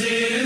Brazil.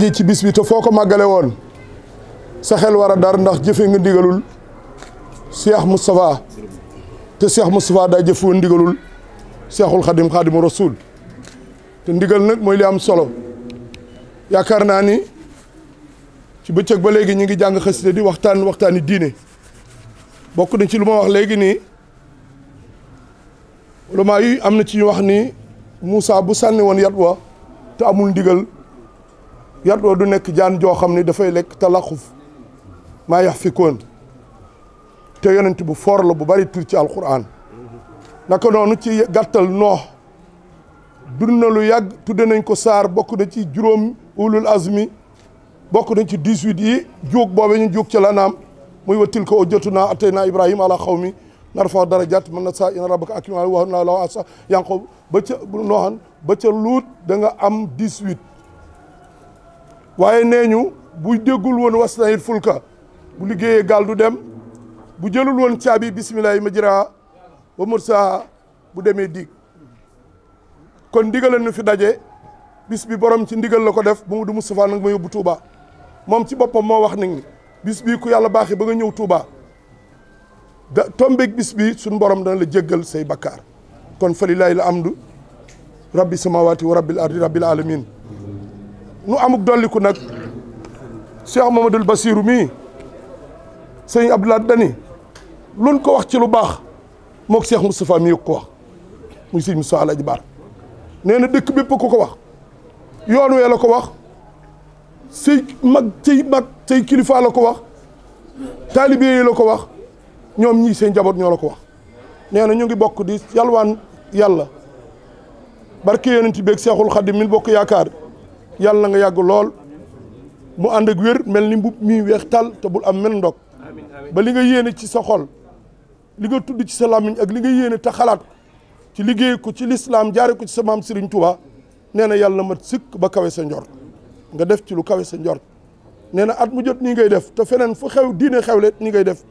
ji ci bis te foo ko màggale woon sa xel war a dar ndax jëfe nga ndigalul Cheikh Moustapha te Cheikh Moustapha daa jëf woon ndigalul Cheikhul Khadim Khadimu Rasul te ndigal nag mooy li am solo yaakaar naa ni ci bëccëg ba léegi ñu ngi jàng xasida di waxtaan waxtaani diine bokk na ci lu ma wax léegi nii ulama yi am na ci ñu wax ni muusa bu sànni woon yat wa te amul ndigal yat wa du nekk jaan joo xam ni dafay lekk talaxuf maa yax fi koon te yonent bu foor la bu bari tur ci alquran naka noonu ci gàttal noox dund na lu yàgg tudde nañ ko saar bokk na ci juróom ulul azmi bokk nañ ci 18 yi jóog boobe ñu jóog ci la naam muy watil ko o jotu naa atay naa ibrahima xaw mi dara jat man na saa ina rabbaka ak imaa wax naa la wax sax yanqoob ba ca nooxan ba ca luut da nga am 18 waaye nee ñu bu déggul woon wastanit fulka bu liggéeyee gaal du dem bu jëlul woon caabi bisimilah yi ma jëraa ba mursaa bu demee diig kon ndigal nu fi daje bis bi borom ci ndigal la ko def ba mu du Moustapha nag ma yóbbu Touba moom ci boppam moo wax nag ni bis bii ku yàlla baaxee ba nga ñëw Touba da bis bi suñ mborom dana la jéggal say bakkaar kon fa lillaahi la amdu rabbi samawaati wa rabbil ardi rabbil alamin nu amuk dolliku nag cheikh mamadul basiru mii sëñ abdoulaad dani luñ ko wax ci lu baax mook cheikh moustapha mii ko wax muy sëñ moustapha alaji baar nee na dëkk bépp ku ko wax yoon wee la ko wax say mag say mag la ko wax taalibe yi la ko wax ñoom ñii seen jaboot ñoo la ko wax nee na ñu ngi bokk di yalwaan yàlla barke yonent beeg seexul xaddim min bokk yaakaar yàlla nga yàgg lool mu ànd ak wér mel ni mbub mi weex tal te bul am mel ndog ba li nga yéene ci sa xol li nga tudd ci sa làmmiñ ak li nga yéene ta xalaat ci liggéey ko ci lislaam jaare ko ci sa maam Serigne Touba nee na yàlla mat sëkk ba kawe sa njort nga def ci lu kawe sa njor nee na at mu jot nii ngay def te feneen fu xew diine xewle nii ngay def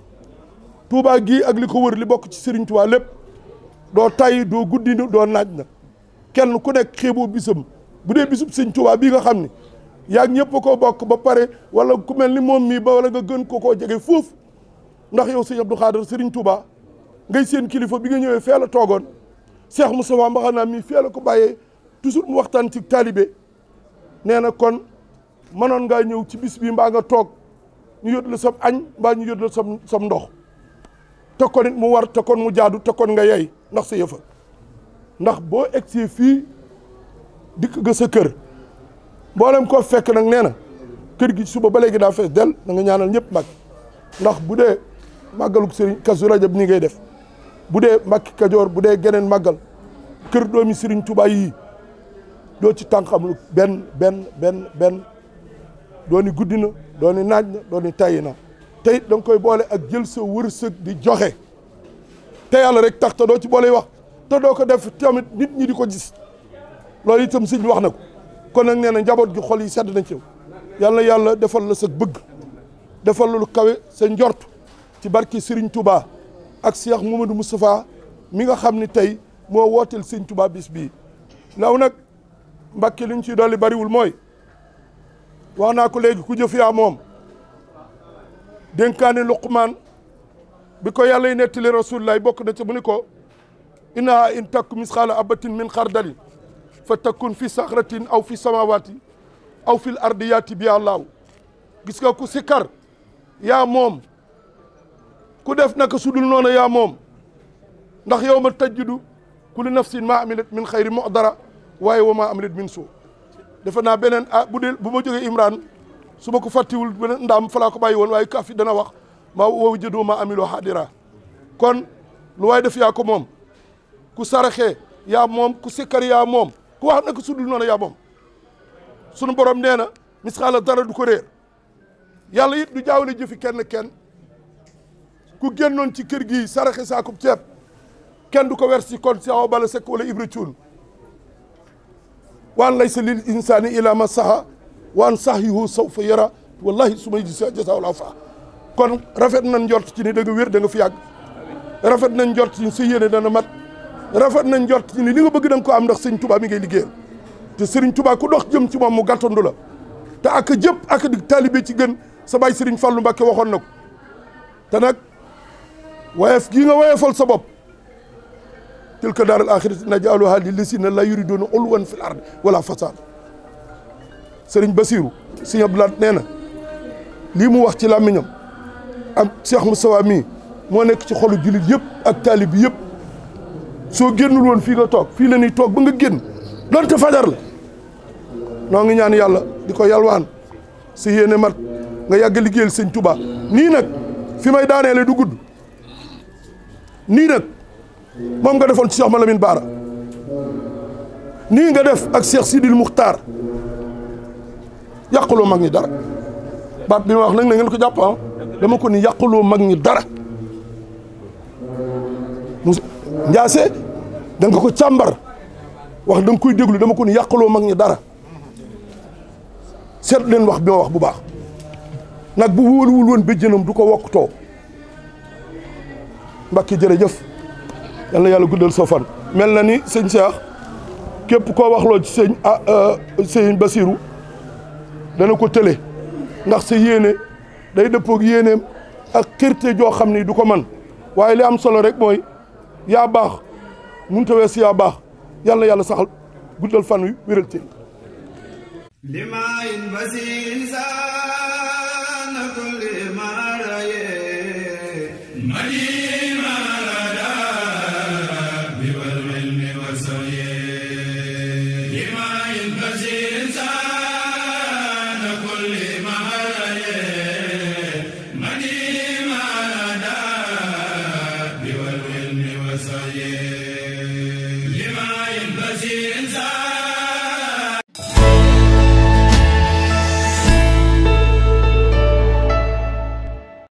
Touba gii ak li ko wër li bokk ci Serigne Touba lépp doo tay doo guddi doo naaj na kenn ku nekk xeeboo bisam bu dee bisub Serigne Touba bii nga xam ni yaa ngi ñëpp koo bokk ba pare wala ku mel ni moom mii ba wala nga gën ko koo jege foofu ndax yow sëñ Abdou Khader Serigne Touba ngay seen kilifa bi nga ñëwee fee la toogoon Cheikh Moustapha Mbaxana mii fee la ko bàyyee toujours mu waxtaan ci taalibe nee na kon mënoon ngaa ñëw ci bis bi mbaa nga toog ñu yót la sam añ ñu yót la sam ndox te kon it mu war te kon mu jaadu te kon nga yey ndax sa yëfa ndax boo egsee fii dikk nga sa kër mboolem koo fekk nag nee na kër gi suba ba léegi daa fees del da nga ñaanal ñëpp mag ndax bu dee màggaluk sëriñ Kazu Rajab nii ngay def bu dee makk Kajoor bu dee geneen màggal kër doomi sëriñ Tuubaa yii doo ci tànqam lu benn benn benn benn dooni guddi na dooni naaj na dooni tayyi tey it koy boole ak jël sa wërsëg di joxe te yàlla rek tax te doo ci boole wax te doo ko def tamit nit ñi di ko gis loolu itam sëñ bi wax na ko kon nag nee na njaboot gi xol yi sedd nañ ci yàlla yàlla defal la sa bëgg defal lu kawe sa njort ci barki sëriñ Touba ak Cheikh Mamadou Moustapha mi nga xam ni tey moo wooteel Serigne Touba bis bii law nag Mbàkke li ñu ciy dolli bariwul mooy wax naa ko léegi ku jëf yaa moom. dénkaane luqmaan bi ko yàlla y nettali rasulullah bokk na ci mu ni ko innaha in takku misxaala abatin min xardali fa takkun fi saxratin aw fi samawaati aw fi ardi bi àllaahu gis nga ku sikkar yaa moom ku def naka sudul noona yaa moom ndax yow ma tajjudu kulli nafsin maa amilat min xayri mu'dara waaye wa maa amilat min suu defe naa beneen ah bu dee bu ma jógee Imran su ma ko fàttiwul ndaam fa laa ko bàyyi woon kaafi dana wax maa woowu jëdoo maa amiloo xaadira kon lu waaye def yaa moom ku saraxe yaa moom ku sikkar yaa moom ku wax nag su dul noonu yaa moom sunu borom nee na misxaala dara du ko réer yàlla it du jaawale jëfi kenn kenn ku génnoon ci kër gi saraxe saakub ceeb kenn du ko wer kon si awa bala sekk wala ibra cuun waan lay sa lil insaani ila ma saha wa an sahyihu fa yara wallahi su may gis jasaawul afa kon rafet nañ njort ci ni da wér da nga fi yàgg rafet nañ njort ci ni sa yéene dana mat rafet nañ njort ci ni li nga bëgg da ko am ndax sëñ Tuubaa mi ngay liggéeyal te sëriñ Tuubaa ku dox jëm ci moom mu gàttandu la te ak jëpp ak di taalibe ci gën sa baay sëriñ Fàllu Mbàkke waxoon na ko te nag wayef gii nga wayefal sa bopp tilka daaral axirati naj'aluhaa lillazina laa yuriduuna uluwwan fil ardi wala fasaad sëriñ Basiiru sëriñ Abdoulaat nee na lii mu wax ci làmmiñam am Cheikh Moustapha mii moo nekk ci xolu jullit yépp ak taalib yépp soo génnul woon fii nga toog fii la ñuy toog ba nga génn donte fajar la noo ngi ñaan yàlla di ko yalwaan si yéene mat nga yàgg liggéeyal sëñ Tuubaa nii nag fi may daaneele du gudd nii nag moom nga defoon ci Cheikh Malamine Baara nii nga def ak Cheikh Sidil Muxtaar yàquloo mag ñi dara baat bi ma wax nag na ngeen ko jàpp ah dama ko ni yàquloo mag ñi dara mu njaase da ko càmbar wax da koy déglu dama ko ni yàquloo mag ñi dara seet leen wax bi ma wax bu baax nag bu wóoluwul woon béjjënam du ko wokkutoo mbàkki jërëjëf yal na yàlla guddal soo fan mel na ni sëñ Cheikh képp koo waxloo ci sëñ ah euh, dana ko tële ndax sa yéene day dëppoog yéeneem ak xirte joo xam ni du ko man waaye li am solo rek mooy yaa baax mënut a wees yaa baax yàlla yàlla saxal guddal fan wi wéral teen